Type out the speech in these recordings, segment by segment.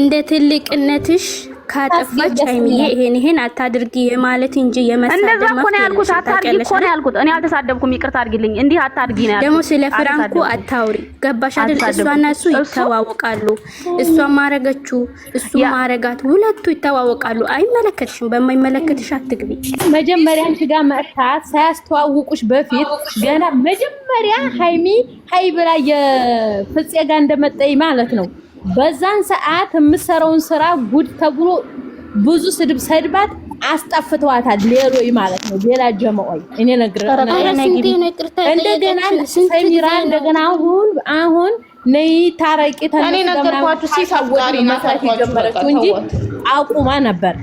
እንደ ትልቅነትሽ ካጠፋች ሀይሚዬ ይሄን ይሄን አታድርጊ የማለት እንጂ የመሳደብ መፍትሄ ያልኩት አታድርጊ እኮ ነው ያልኩት። እኔ አልተሳደብኩም፣ ይቅርታ አድርጊልኝ። እንዲህ አታድርጊ ነው ያልኩት። ደግሞ ስለ ፍራንኩ አታውሪ። ገባሽ አይደል? እሷና እሱ ይተዋወቃሉ። እሷ ማረገችው፣ እሱ ማረጋት፣ ሁለቱ ይተዋወቃሉ። አይመለከትሽም። በማይመለከትሽ አትግቢ። መጀመሪያ አንቺ ጋር መጥታ ሳያስተዋውቁሽ በፊት ገና መጀመሪያ ሀይሚ ሀይ ብላ የፍፄ ጋር እንደመጣይ ማለት ነው በዛን ሰዓት የምትሰራውን ስራ ጉድ ተብሎ ብዙ ስድብ ሰድባት አስጠፍተዋታል። ሌሎይ ማለት ነው ሌላ ጀመኦይ እኔ እንደገና ሰሚራ እንደገና አሁን አሁን ነይ ታረቂ ተነስተማችሁ ሲሳወሪ መስራት የጀመረችው እንጂ አቁማ ነበር።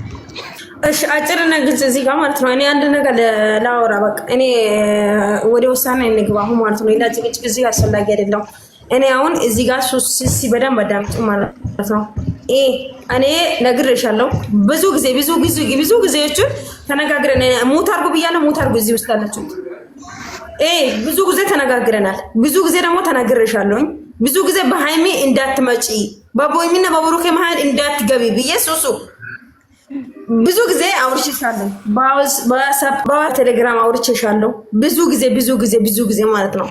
እሺ አጭርና ግልጽ እዚህ ጋር ማለት ነው። እኔ አንድ ነገር ላወራ በቃ እኔ ወደ ውሳኔ እንግባ አሁን ማለት ነው። ሌላ ጭቅጭቅ እዚህ አስፈላጊ አይደለም። እኔ አሁን እዚህ ጋር ሱሲ በደንብ አዳምጡ ማለት ነው። እኔ ነግሬሻለሁ ብዙ ጊዜ ብዙ ጊዜ ብዙ ጊዜዎችን ተነጋግረን ሙት አድርጉ ብያለሁ። ሞት አርጉ እዚህ ውስጥ ያለችው ብዙ ጊዜ ተነጋግረናል። ብዙ ጊዜ ደግሞ ተናግሬሻለሁኝ። ብዙ ጊዜ በሃይሚ እንዳትመጪ በቦይሚና በቡሩኬ መሀል እንዳትገቢ ብዬ ሱሱ ብዙ ጊዜ አውርቼሻለሁ። በዋትሳፕ በቴሌግራም አውርቼሻለሁ። ብዙ ጊዜ ብዙ ጊዜ ብዙ ጊዜ ማለት ነው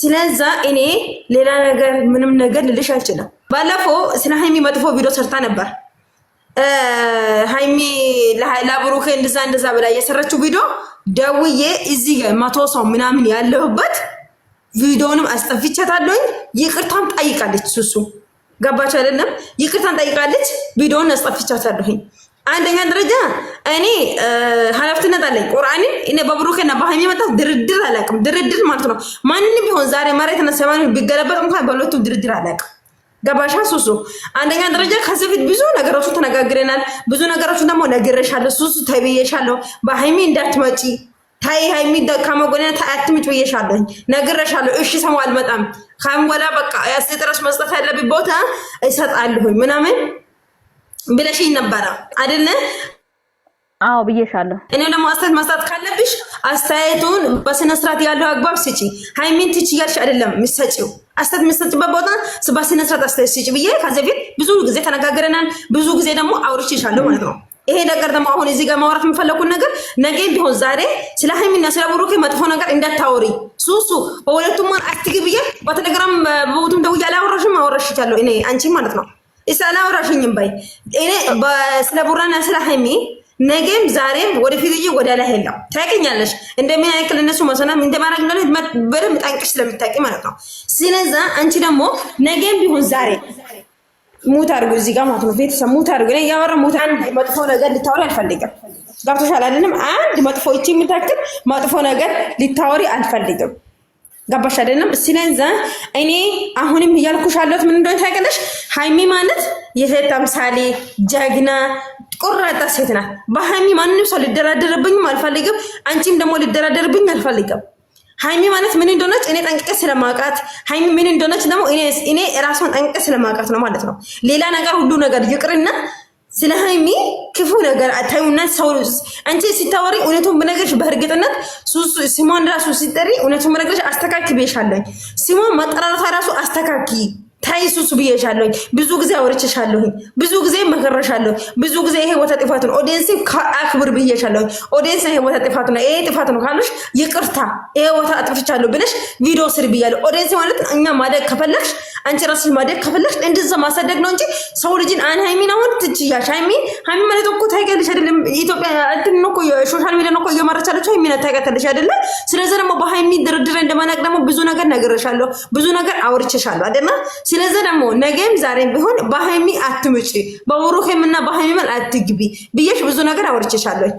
ስለዛ እኔ ሌላ ነገር ምንም ነገር ልልሽ አልችልም። ባለፈው ስለ ሀይሚ መጥፎ ቪዲዮ ሰርታ ነበር። ሀይሚ ለብሩኬ እንደዛ እንደዛ ብላ እየሰራችው ቪዲዮ ደውዬ እዚህ መቶ ሰው ምናምን ያለሁበት ቪዲዮንም አስጠፍቻታለሁኝ። ይቅርታን ጠይቃለች። ሱሱ ገባች አይደለም? ይቅርታን ጠይቃለች። ቪዲዮን አስጠፍቻታለሁኝ። አንደኛ ደረጃ እኔ ኃላፊነት አለኝ። ቁርአንን እኔ በብሩክና በሃይሚ መጣ ድርድር አላውቅም። ድርድር ማለት ነው ማንም ቢሆን ዛሬ መሬት ነሰባን ቢገለበጥ እንኳን በሁለቱ ድርድር አላውቅም። ገባሻ ሱሱ? አንደኛ ደረጃ ከዚህ ፊት ብዙ ነገሮች ተነጋግረናል። ብዙ ነገሮች ደግሞ ነግሬሻለሁ። ሱሱ ተብዬሻለሁ። በሃይሚ እንዳትመጪ ታይ ሀይሚ ከመጎኔ አትምጭ ብዬሻለሁ፣ ነግሬሻለሁ። እሺ ሰው አልመጣም። ካም ወላ በቃ ያስጥራሽ መስጠት ያለብኝ ቦታ እሰጣለሁ ምናምን ብለሽኝ ነበረ አይደለ? አዎ ብዬሻለሁ። እኔ ደግሞ አስተያየት ማስጣት ካለብሽ አስተያየቱን በስነ ስርዓት ያለው አግባብ ስጪ። ሃይሚን ትች እያልሽ አይደለም ምሰጪው አስተያየት የምሰጥበት ቦታ በስነ ስርዓት አስተያየት ስጪ ብዬ ከዚህ በፊት ብዙ ጊዜ ተነጋግረናል። ብዙ ጊዜ ደግሞ አውርቼሻለሁ ማለት ነው። ይሄ ነገር ደግሞ አሁን እዚህ ጋር ማውራት የምፈለጉን ነገር ነገ ቢሆን ዛሬ ስለ ሃይሚና ስለ ብሩኬ መጥፎ ነገር እንዳታወሪ ሱሱ በሁለቱም አትግብዬ በቴሌግራም በቦቱም ደውዬ አላወራሽም፣ አወራሽቻለሁ እኔ አንቺ ማለት ነው እሳና አላውራሽኝም ባይ እኔ ስለ ቡራና ስለ ሀይሚ ነገም ዛሬም ወደፊት እዬ ወደ ላይ ሄላው ታውቂኛለሽ። እንደምን ያክል እነሱ መሰና እንደማድረግ እንዳለ በደንብ ጠንቅሽ ስለምታውቂ ማለት ነው። ስለዛ አንቺ ደግሞ ነገም ቢሆን ዛሬ ሙት አድርጉ እዚህ ጋር ማለት ነው። ቤተሰብ ሙት አድርጉ። እኔ እያወራ ሙት አንድ መጥፎ ነገር ልታወሪ አልፈልግም። ገብቶሻል አይደለም? አንድ መጥፎ እቺ የምታክል መጥፎ ነገር ልታወሪ አልፈልግም። ገባሽ አይደለም? ስለዛ እኔ አሁንም እያልኩሽ ያለሁት ምን እንደሆነ ታውቂያለሽ። ሀይሚ ማለት የሴት ተምሳሌ ጀግና ቆራጣ ሴት ናት። በሀይሚ ማንም ሰው ሊደራደርብኝም አልፈልግም። አንቺም ደግሞ ሊደራደርብኝ አልፈልግም። ሀይሚ ማለት ምን እንደሆነች እኔ ጠንቅቄ ስለማውቃት፣ ሀይሚ ምን እንደሆነች ደግሞ እኔ ራሷን ጠንቅቄ ስለማውቃት ነው ማለት ነው። ሌላ ነገር ሁሉ ነገር ይቅርና ስለ ሀይሚ ክፉ ነገር አታዩና ሰው አንቺ ሲታወሪ እውነቱን ብነግርሽ በእርግጥነት ስሟን ራሱ ሲጠሪ እውነቱን ብነግርሽ አስተካክቤሻለኝ። ስሟን መጠራረቷ ራሱ አስተካክይ ታይ ሱሱ ብዬሻለሁኝ። ብዙ ጊዜ አውርቼሻለሁኝ። ብዙ ጊዜ መከረሻለሁኝ። ብዙ ጊዜ ይሄ ቦታ ጥፋት ነው፣ ኦዲንስ አክብር ብዬሻለሁኝ። ኦዲንስ ይሄ ቦታ ጥፋት ነው፣ ይሄ ጥፋት ነው ካሉሽ ይቅርታ ይሄ ቦታ አጥፍቻለሁ ብለሽ ቪዲዮ ስር ብያለሁ። ኦዲንስ ማለት እኛ ማደግ ከፈለግሽ አንቺ ራስሽ ማደግ ከፈለግሽ እንደዛ ማሳደግ ነው እንጂ ሰው ልጅን አን ሀይሚን አሁን ትችያሽ። ሀይሚን ሀይሚን ማለት እኮ ታይገልሽ አይደለም ኢትዮጵያ እንትን ነው እኮ ሶሻል ሚዲያ ነው እኮ እየመረቻለች ሀይሚን ታይገልሽ አይደለ። ስለዚህ ደግሞ በሀይሚ ድርድር እንደማናቅ ደግሞ ብዙ ነገር ነግሬሻለሁ፣ ብዙ ነገር አውርቼሻለሁ አይደለ ስለዚህ ደግሞ ነገም ዛሬም ቢሆን በሃይሚ አትምጪ፣ በቡሩኬም እና በሃይሚ መል አትግቢ ብዬሽ ብዙ ነገር አውርቼሻለሁ።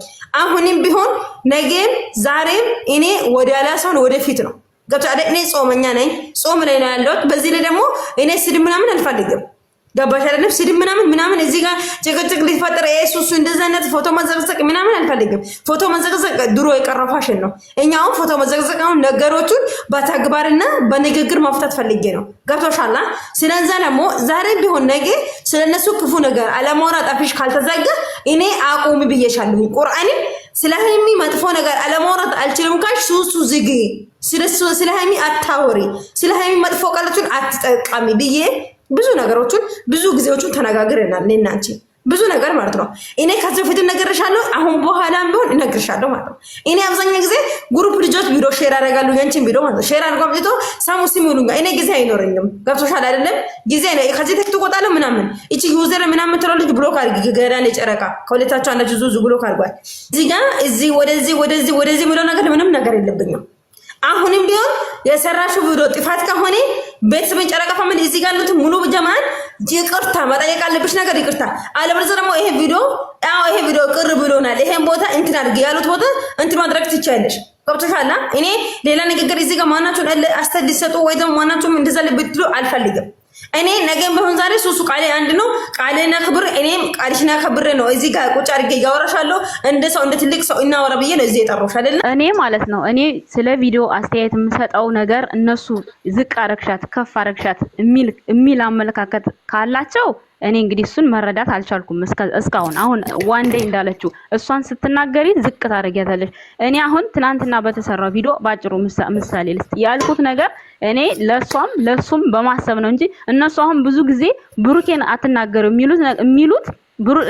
አሁንም ቢሆን ነገም ዛሬም እኔ ወደ ሳይሆን ወደፊት ነው ገብቶ እኔ ጾመኛ ነኝ፣ ጾም ላይ ነው ያለሁት። በዚህ ላይ ደግሞ እኔ ስድብ ምናምን አልፈልግም። ገባሽ አይደለም? ስድብ ምናምን ምናምን እዚህ ጋር ጭቅጭቅ ሊፈጠር ሱሱ እንደዚህ አይነት ፎቶ መዘቅዘቅ ምናምን አልፈልግም። ፎቶ መዘቅዘቅ ድሮ የቀረ ፋሽን ነው። እኛ ፎቶ መዘቅዘቅ አሁን ነገሮቹን በተግባርና በንግግር መፍታት ፈልጌ ነው። ገብቶሻላ? ስለዛ ደግሞ ዛሬ ቢሆን ነገ ስለነሱ ክፉ ነገር አለማውራ ጠፊሽ ካልተዘጋ እኔ አቁሚ ብዬሻለሁ። ቁርአንም ስለ ሀይሚ መጥፎ ነገር አለማውራት አልችልም ካልሽ ሱሱ ዝግ። ስለ ሀይሚ አታወሪ፣ ስለ ሀይሚ መጥፎ ቃላችን አትጠቃሚ ብዬ ብዙ ነገሮችን ብዙ ጊዜዎችን ተነጋግረናል። እናንቺ ብዙ ነገር ማለት ነው። እኔ ከዚህ በፊት እነግርሻለሁ፣ አሁን በኋላም ቢሆን እነግርሻለሁ ማለት ነው። እኔ አብዛኛው ጊዜ ጉሩፕ ልጆች ቪዲዮ ሼር ያደርጋሉ። የንችን ቪዲዮ ማለት ነው ሼር አድርጎ አምጥቶ ሳሙ ሲሚሉ እኔ ጊዜ አይኖረኝም። ገብቶሻል አይደለም? ጊዜ ከዚህ ተክት ቆጣለ ምናምን እቺ ዩዘር ምናምን ትለው ልጅ ብሎክ አድርግ ገዳን የጨረቃ ጨረቃ ከሁለታቸው አንዳችሁ ዙዙ ብሎክ አድርጓል። እዚህ ጋር እዚህ ወደዚህ ወደዚህ ወደዚህ የሚለው ነገር ምንም ነገር የለብኝም። አሁንም ቢሆን የሰራሹ ቪዲዮ ጥፋት ከሆነ ቤተሰብን ጨረቃ ፋሚሊ እዚህ ጋር ያሉት ሙሉ ጀማን ይቅርታ መጠየቅ አለብሽ ነገር ይቅርታ። አለበለዚያ ደግሞ ይሄ ቪዲዮ አዎ ይሄ ቪዲዮ ቅር ብሎናል፣ ይሄን ቦታ እንትን አድርጊ ያሉት ቦታ እንትን ማድረግ ትቻለሽ። ገብቶሻል። እኔ ሌላ ንግግር እዚህ ጋር ማናችሁን አስተዲሰጡ ወይ ደግሞ ማናችሁም እንደዛ ልብትሉ አልፈልግም። እኔ ነገም በሆን ዛሬ ሱሱ ቃሌ አንድ ነው። ቃሌን አክብር፣ እኔም ቃልሽን ክብር ነው እዚህ ጋር ቁጭ አድርጌ እያወራሻለሁ። እንደ ሰው እንደ ትልቅ ሰው እናወራ ብዬ ነው እዚህ የጠራሁሽ አይደለ? እኔ ማለት ነው እኔ ስለ ቪዲዮ አስተያየት የምሰጠው ነገር እነሱ ዝቅ አረግሻት ከፍ አረግሻት የሚል አመለካከት ካላቸው እኔ እንግዲህ እሱን መረዳት አልቻልኩም እስካሁን። አሁን ዋንዴ እንዳለችው እሷን ስትናገሪ ዝቅ ታደርጊያታለሽ። እኔ አሁን ትናንትና በተሰራው ቪዲዮ ባጭሩ ምሳሌ ልስጥ ያልኩት ነገር እኔ ለእሷም ለእሱም በማሰብ ነው እንጂ እነሱ አሁን ብዙ ጊዜ ብሩኬን አትናገሩ የሚሉት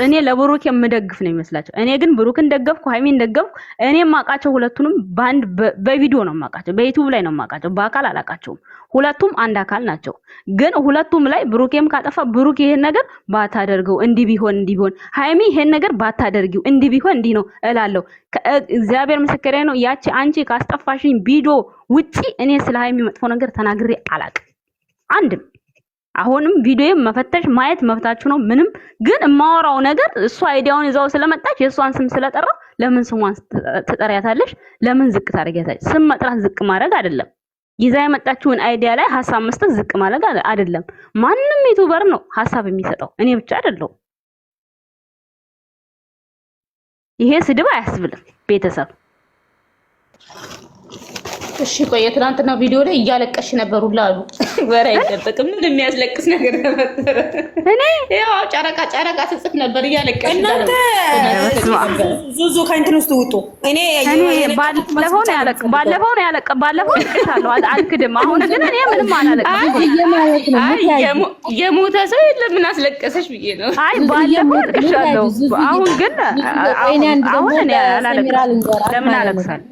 እኔ ለብሩክ የምደግፍ ነው ይመስላቸው። እኔ ግን ብሩክን ደገፍኩ፣ ሀይሚን ደገፍኩ። እኔ ማቃቸው ሁለቱንም በአንድ በቪዲዮ ነው ማቃቸው፣ በዩቲዩብ ላይ ነው ማቃቸው፣ በአካል አላቃቸውም። ሁለቱም አንድ አካል ናቸው። ግን ሁለቱም ላይ ብሩኬም ካጠፋ ብሩክ ይሄን ነገር ባታደርገው እንዲህ ቢሆን እንዲህ ቢሆን፣ ሀይሚ ይሄን ነገር ባታደርጊው እንዲህ ቢሆን እንዲህ ነው እላለሁ። እግዚአብሔር ምስክሬ ነው። ያቺ አንቺ ካስጠፋሽኝ ቪዲዮ ውጪ እኔ ስለ ሀይሚ መጥፎ ነገር ተናግሬ አላቅም አንድም አሁንም ቪዲዮዬን መፈተሽ ማየት መብታችሁ ነው። ምንም ግን የማወራው ነገር እሷ አይዲያውን ይዛው ስለመጣች የእሷን ስም ስለጠራ ለምን ስሟን ትጠሪያታለሽ? ለምን ዝቅ ታደርጊያታለሽ? ስም መጥራት ዝቅ ማድረግ አይደለም። ይዛ የመጣችውን አይዲያ ላይ ሀሳብ መስጠት ዝቅ ማድረግ አይደለም። ማንም ዩቱበር ነው ሀሳብ የሚሰጠው እኔ ብቻ አይደለሁም። ይሄ ስድብ አያስብልም ቤተሰብ እሺ ቆይ የትናንትና ቪዲዮ ላይ እያለቀሽ ነበሩ አሉ። ወሬ አይደበቅም። ምን የሚያስለቅስ ነገር ነበረ? እኔ ያው ጨረቃ ጨረቃ ስጽፍ ነበር እያለቀሽ። እናንተ ዙዙ ከእንትን ውስጥ ውጡ። እኔ ባለፈው ነው ያለቀ ባለፈው ነው ያለቀ ባለፈው ልቅሻለሁ፣ አልክድም። አሁን ግን እኔ ምንም አላለቅም። አይ የሞተ ሰው ለምን አስለቀሰሽ ብዬ ነው። አይ ባለፈው ልቅሻለሁ፣ አሁን ግን አሁን እኔ አላለቅም። ለምን አለቅሳለሁ?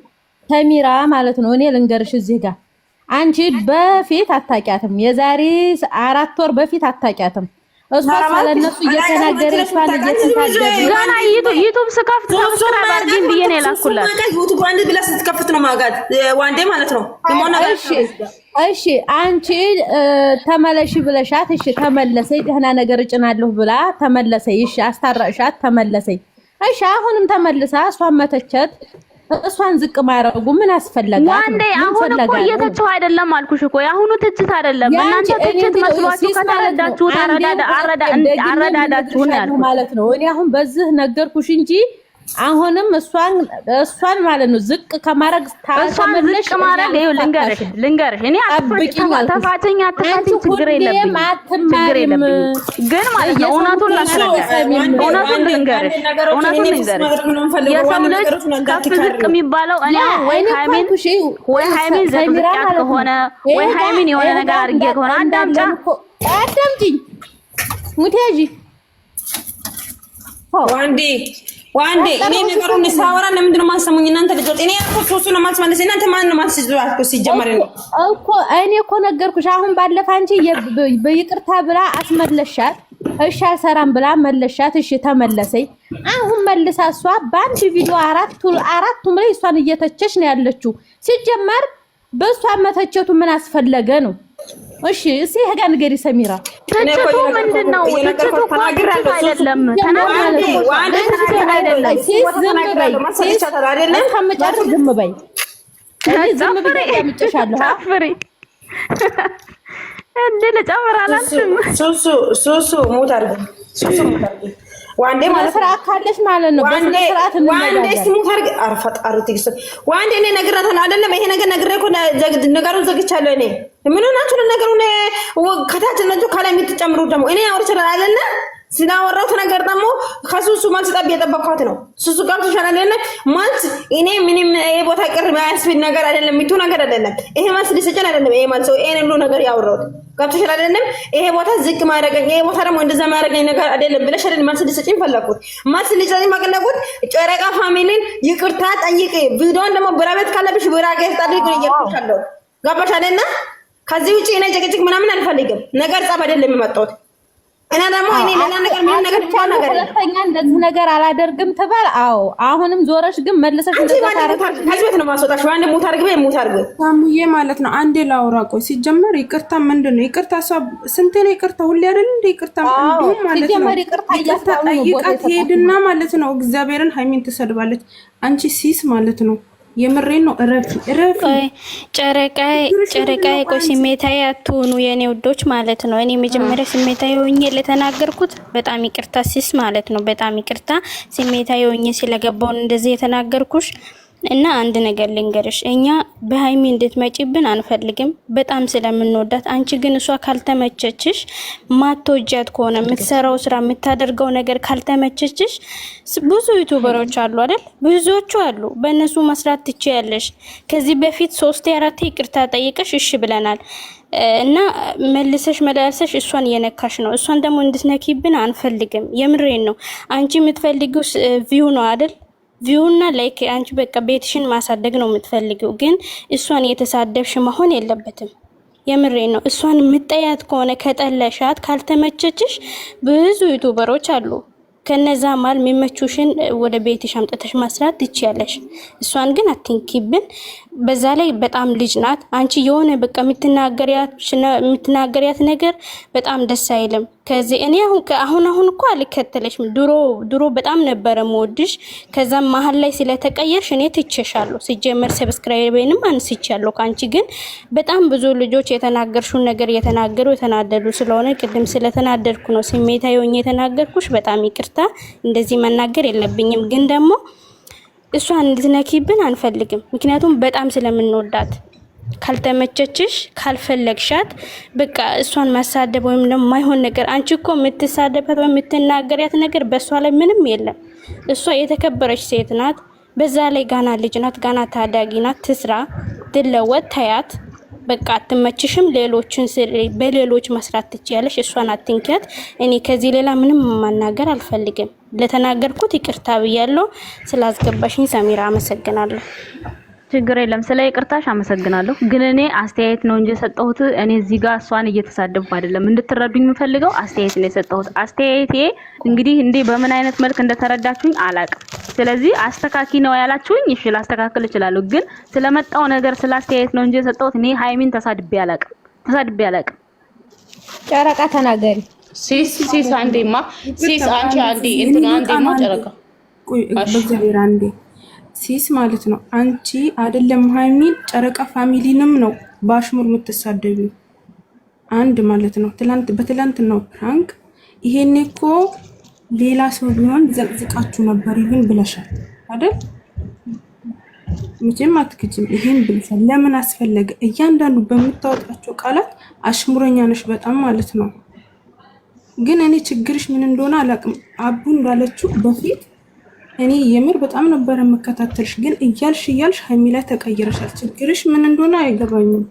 ተሚራ ማለት ነው። እኔ ልንገርሽ እዚህ ጋር አንቺ በፊት አታውቂያትም። የዛሬ አራት ወር በፊት አታውቂያትም። እሷ ስለነሱ እየተናገረ እሷን እየተናገረ ገና ዩቱብ ስከፍት ሰብስክራይብ አድርጊኝ ብዬ ነው የላኩላት። ዩቱብ ብላ ስትከፍት ነው ማጋት ዋንዴ ማለት ነው። እሺ እሺ፣ አንቺ ተመለሽ ብለሻት፣ እሺ ተመለሰይ፣ ደህና ነገር እጭናለሁ ብላ ተመለሰይ፣ እሺ አስታራቅሻት፣ ተመለሰይ፣ እሺ አሁንም ተመልሳ እሷን መተቸት እሷን ዝቅ ማያረጉ ምን አስፈለጋት? ዋንዴ አሁን እኮ እየተቸው አይደለም አልኩሽ እኮ የአሁኑ ትችት አይደለም። እናንተ ትችት መስሏችሁ ከተረዳችሁት አረዳዳችሁን ማለት ነው። እኔ አሁን በዚህ ነገርኩሽ እንጂ አሁንም እሷን እሷን ማለት ነው ዝቅ ከማድረግ ታሰምልሽ ከማድረግ ይኸው ልንገርሽ ልንገርሽ እኔ አትፋጭኝ አትፋጭኝ ችግር የለብኝም ችግር የለብኝም ግን ማለት ነው እውነቱን ላስረዳሽ እውነቱን ልንገርሽ እውነቱን ልንገርሽ የሰው ልጅ ከፍ ዝቅ የሚባለው እኔ ወይ ሃይሜን ወይ ሃይሜን ዘቅዝቅ ከሆነ ወይ ሃይሚን የሆነ ነገር አድርጌ ከሆነ አዳምጫ አዳምጪኝ ሙቴጂ ዋንዴ ዋንዴ እኔ ነገሩን ሳወራ ለምንድን ማሰሙኝ? እናንተ ልጆች እኔ ያልኩት ሶሱ ነው ማስመለስ። እናንተ ማን ነው የማትስዟችሁ? ሲጀመር ነው እኮ እኔ እኮ ነገርኩሽ። አሁን ባለፈ አንቺ በይቅርታ ብላ አስመለሻት። እሺ አልሰራም ብላ መለሻት። እሺ ተመለሰኝ። አሁን መልሳ እሷ በአንድ ቪዲዮ አራቱ አራቱም ላይ እሷን እየተቸች ነው ያለችው። ሲጀመር በእሷ መተቸቱ ምን አስፈለገ ነው? እሺ እሺ ሄጋ ንገሪ ሰሚራ፣ ትችቱ ምንድን ነው? ትችቱ እኮ አይደለም። እስከምጨርስ ዝም በይ። ዝም ብዬሽ አዳምጪሻለሁ። እንደ ልጨምር አላልሽም። ሱሱ ሙት አድርጊ ዋንዴ ማለት ስራ ካለሽ ማለት ነው። በስነ ስርዓት ዋንዴ ስሙ ታርግ አርፈጣሪ ትግስ ዋንዴ እኔ ነግራታለሁ አይደለም። ይሄ ነገር ነግሬ እኮ ነገሩን ዘግቻለሁ። እኔ ምን ሆናችሁ ነው ነገሩን ከታች ነው ከላይ የምትጨምሩ ደግሞ እኔ አውርቻለሁ አይደለም ስላወራሁት ነገር ደግሞ ከሱሱ መልስ ጠብ የጠበኳት ነው። ሱሱ ጋር አይደለም? መልስ እኔ ምንም ቦታ ቅር የሚያስብል ነገር አይደለም። ሚቱ ነገር አይደለም። ይሄ መልስ ሊሰጭን አይደለም። ይሄ መልስ ይሄን ሁሉ ነገር ያወራሁት ጋር አይደለም? ይሄ ቦታ ዝቅ ማያደርገኝ፣ ይሄ ቦታ ደግሞ እንደዛ ማያደርገኝ ነገር አይደለም ብለሽ አይደለም መልስ ሊሰጭን ፈለኩት። መልስ ሊሰጭን ፈለኩት። ጨረቃ ፋሚሊን ይቅርታ ጠይቅ፣ ቪዲዮን ደግሞ ብራቤት ካለብሽ ብራቤት ጠይቅ እያልኩሻለሁ። ገባሽ አይደለ? ከዚህ ውጭ እኔ ጭቅጭቅ ምናምን አልፈልግም። ነገር ጸብ አይደለም የመጣሁት እና ደግሞ እኔ ሌላ ነገር ምን ነገር ብቻ ነገር ሁለተኛ እንደዚህ ነገር አላደርግም ትባል። አዎ አሁንም ዞረሽ ግን መልሰሽ እንደዛ ታረጋለሽ። ከዚህ ቤት ነው ማስወጣሽ። አንዴ ሞት አድርግ በይ ሞት አድርግ ሳሙዬ ማለት ነው። አንዴ ላውራ። ቆይ ሲጀመር ይቅርታ ምንድን ነው ይቅርታ? እሷ ስንቴ ነው ይቅርታ? ሁሌ አይደል እንደ ይቅርታ እንዲሁም ማለት ነው ይቅርታ ጠይቃት ሄድና ማለት ነው እግዚአብሔርን ሃይሚን ትሰድባለች። አንቺ ሲስ ማለት ነው የምሬን ነው። እረፊ እረፊ። ጨረቃዬ ጨረቃዬ፣ ቆይ ስሜታዊ አትሆኑ የኔ ውዶች ማለት ነው። እኔ መጀመሪያ ስሜታዊ ሆኜ ለተናገርኩት በጣም ይቅርታ ሲስ ማለት ነው። በጣም ይቅርታ ስሜታዊ ሆኜ ስለገባውን እንደዚህ የተናገርኩሽ እና አንድ ነገር ልንገርሽ፣ እኛ በሀይሚ እንድትመጪብን አንፈልግም፣ በጣም ስለምንወዳት። አንቺ ግን እሷ ካልተመቸችሽ፣ ማትወጃት ከሆነ የምትሰራው ስራ የምታደርገው ነገር ካልተመቸችሽ፣ ብዙ ዩቱበሮች አሉ አይደል? ብዙዎቹ አሉ፣ በእነሱ መስራት ትችያለሽ። ከዚህ በፊት ሶስቴ አራቴ ይቅርታ ጠይቀሽ እሺ ብለናል እና መልሰሽ መላልሰሽ እሷን እየነካሽ ነው። እሷን ደግሞ እንድትነኪብን አንፈልግም። የምሬን ነው። አንቺ የምትፈልጊው ቪው ነው አይደል? ቪውና ላይክ አንቺ በቃ ቤትሽን ማሳደግ ነው የምትፈልገው ግን እሷን የተሳደብሽ መሆን የለበትም። የምሬ ነው። እሷን የምጠያት ከሆነ ከጠለሻት፣ ካልተመቸችሽ ብዙ ዩቱበሮች አሉ። ከነዛ ማል የሚመቹሽን ወደ ቤትሽ አምጥተሽ ማስራት ትችያለሽ። እሷን ግን አትንኪብን። በዛ ላይ በጣም ልጅ ናት። አንቺ የሆነ በቃ የምትናገሪያት ነገር በጣም ደስ አይልም። ከዚህ እኔ አሁን አሁን አሁን እኮ አልከተለሽም። ድሮ ድሮ በጣም ነበረ መወድሽ። ከዛም መሀል ላይ ስለተቀየርሽ እኔ ትቼሻለሁ። ሲጀመር ሰብስክራይቤንም አንስቻለሁ ከአንቺ ግን በጣም ብዙ ልጆች የተናገርሽውን ነገር እየተናገሩ የተናደዱ ስለሆነ ቅድም ስለተናደድኩ ነው ስሜታዊ ሆኜ የተናገርኩሽ። በጣም ይቅርታ። እንደዚህ መናገር የለብኝም ግን ደግሞ እሷን እንድትነኪብን አንፈልግም። ምክንያቱም በጣም ስለምንወዳት ካልተመቸችሽ ካልፈለግሻት በቃ እሷን ማሳደብ ወይም ደግሞ ማይሆን ነገር አንቺ እኮ የምትሳደባት ወይም የምትናገሪያት ነገር በእሷ ላይ ምንም የለም። እሷ የተከበረች ሴት ናት። በዛ ላይ ጋና ልጅ ናት፣ ጋና ታዳጊ ናት። ትስራ፣ ትለወጥ፣ ታያት በቃ አትመችሽም፣ ሌሎችን በሌሎች መስራት ትችያለሽ፣ እሷን አትንኪያት። እኔ ከዚህ ሌላ ምንም ማናገር አልፈልግም። ለተናገርኩት ይቅርታ ብያለሁ። ስላስገባሽኝ ሰሚራ አመሰግናለሁ። ችግር የለም። ስለ ይቅርታሽ አመሰግናለሁ። ግን እኔ አስተያየት ነው እንጂ የሰጠሁት እኔ እዚህ ጋር እሷን እየተሳደብኩ አይደለም። እንድትረዱኝ የምፈልገው አስተያየት ነው የሰጠሁት። አስተያየቴ እንግዲህ እንዴ በምን አይነት መልክ እንደተረዳችሁኝ አላቅም። ስለዚህ አስተካኪ ነው ያላችሁኝ፣ እሺ ላስተካክል እችላለሁ። ግን ስለመጣው ነገር ስለ አስተያየት ነው እንጂ የሰጠሁት እኔ ሃይሚን ተሳድቤ አላቅም፣ ተሳድቤ አላቅም። ጨረቃ ተናገሪ ሲስ ሲስ አንዴማ ሲስ አንቺ አንዴ እንትና አንዴማ ጨረቃ ሲስ ማለት ነው። አንቺ አይደለም ሀይሚን ጨረቃ ፋሚሊንም ነው በአሽሙር የምትሳደቢ አንድ ማለት ነው። ትላንት በትላንት ነው ፕራንክ። ይሄኔ እኮ ሌላ ሰው ቢሆን ዘቅዝቃችሁ ነበር። ይሁን ብለሻል አይደል? መቼም አትክጅም። ይሄን ብለሻል ለምን አስፈለገ? እያንዳንዱ በምታወጣቸው ቃላት አሽሙረኛ ነሽ በጣም ማለት ነው። ግን እኔ ችግርሽ ምን እንደሆነ አላቅም አቡ እንዳለችው በፊት እኔ የምር በጣም ነበር የምከታተልሽ፣ ግን እያልሽ እያልሽ ሀይሚ ላይ ተቀይረሻል። ችግርሽ ምን እንደሆነ አይገባኝም።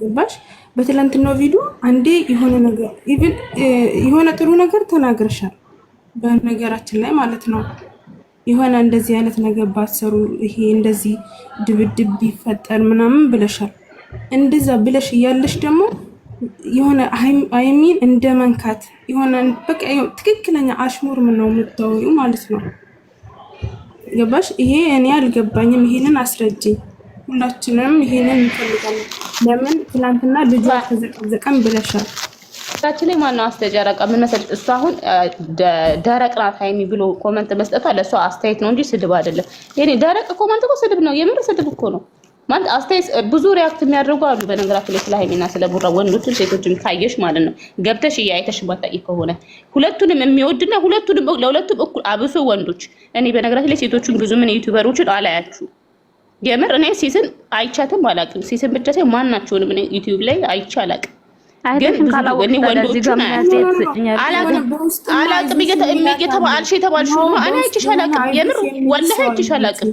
ገባሽ? በትላንትናው ቪዲዮ አንዴ የሆነ ነገር የሆነ ጥሩ ነገር ተናግረሻል፣ በነገራችን ላይ ማለት ነው። የሆነ እንደዚህ አይነት ነገር ባሰሩ ይሄ እንደዚህ ድብድብ ቢፈጠር ምናምን ብለሻል። እንደዛ ብለሽ እያለሽ ደግሞ የሆነ አይሚን እንደ መንካት የሆነ በቃ ትክክለኛ አሽሙር ነው የምታወሪው ማለት ነው። ገባሽ? ይሄ እኔ አልገባኝም። ይሄንን አስረጅኝ። ሁላችንም ይሄንን እንፈልጋለን። ለምን ትናንትና ልጇ ተዘቀዘቀን ብለሻል። ታች ላይ ማነው አስተጨረቀ? ምን መሰለሽ እሱ አሁን ደረቅ ናት ሀይሚ ብሎ ኮመንት መስጠቷ ለእሷ አስተያየት ነው እንጂ ስድብ አይደለም። ይሄኔ ደረቅ ኮመንት እኮ ስድብ ነው። የምር ስድብ እኮ ነው። ማለት አስተያየት ብዙ ሪያክት የሚያደርጉ አሉ። በነገራችን ላይ ስለ ሀይሚና ስለ ቡራ ወንዶችን ሴቶችም ካየሽ ማለት ነው ገብተሽ እያየተሽ ባታቂ ከሆነ ሁለቱንም የሚወድና ሁለቱንም ለሁለቱም እኩል አብሶ ወንዶች። እኔ በነገራችን ላይ ሴቶቹን ብዙ ምን ዩቲዩበሮችን አላያችሁ የምር እኔ ሲስን አይቻትም አላቅም። ሲስን ብቻ ሳይ ማናቸውንም ዩቲዩብ ላይ አይቼ አላቅም። ግን ብዙ እኔ ወንዶቹን አላቅም። የሚገባ አልሽ የተባልሽ ሆኖ እኔ አይቼሽ አላቅም። የምር ወላሂ አይቼሽ አላቅም።